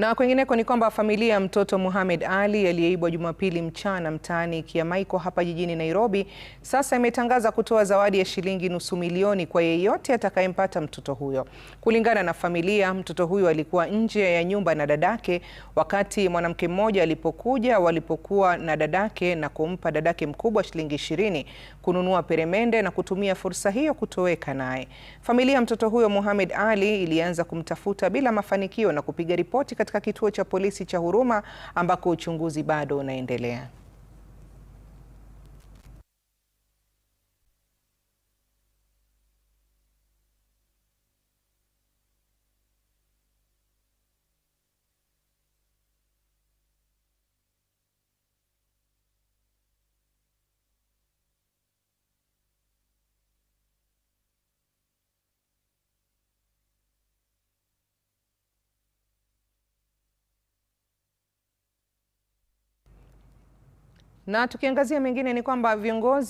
Na kwingineko ni kwamba familia ya mtoto Muhammad Ali aliyeibwa Jumapili mchana mtaani Kiamaiko hapa jijini Nairobi sasa imetangaza kutoa zawadi ya shilingi nusu milioni kwa yeyote atakayempata mtoto huyo. Kulingana na familia, mtoto huyo alikuwa nje ya nyumba na dadake wakati mwanamke mmoja alipokuja walipokuwa na dadake na kumpa dadake mkubwa shilingi ishirini kununua peremende na kutumia fursa hiyo kutoweka naye. Familia ya mtoto huyo Muhammad Ali ilianza kumtafuta bila mafanikio na kupiga ripoti katika kituo cha polisi cha Huruma ambako uchunguzi bado unaendelea. Na tukiangazia mengine ni kwamba viongozi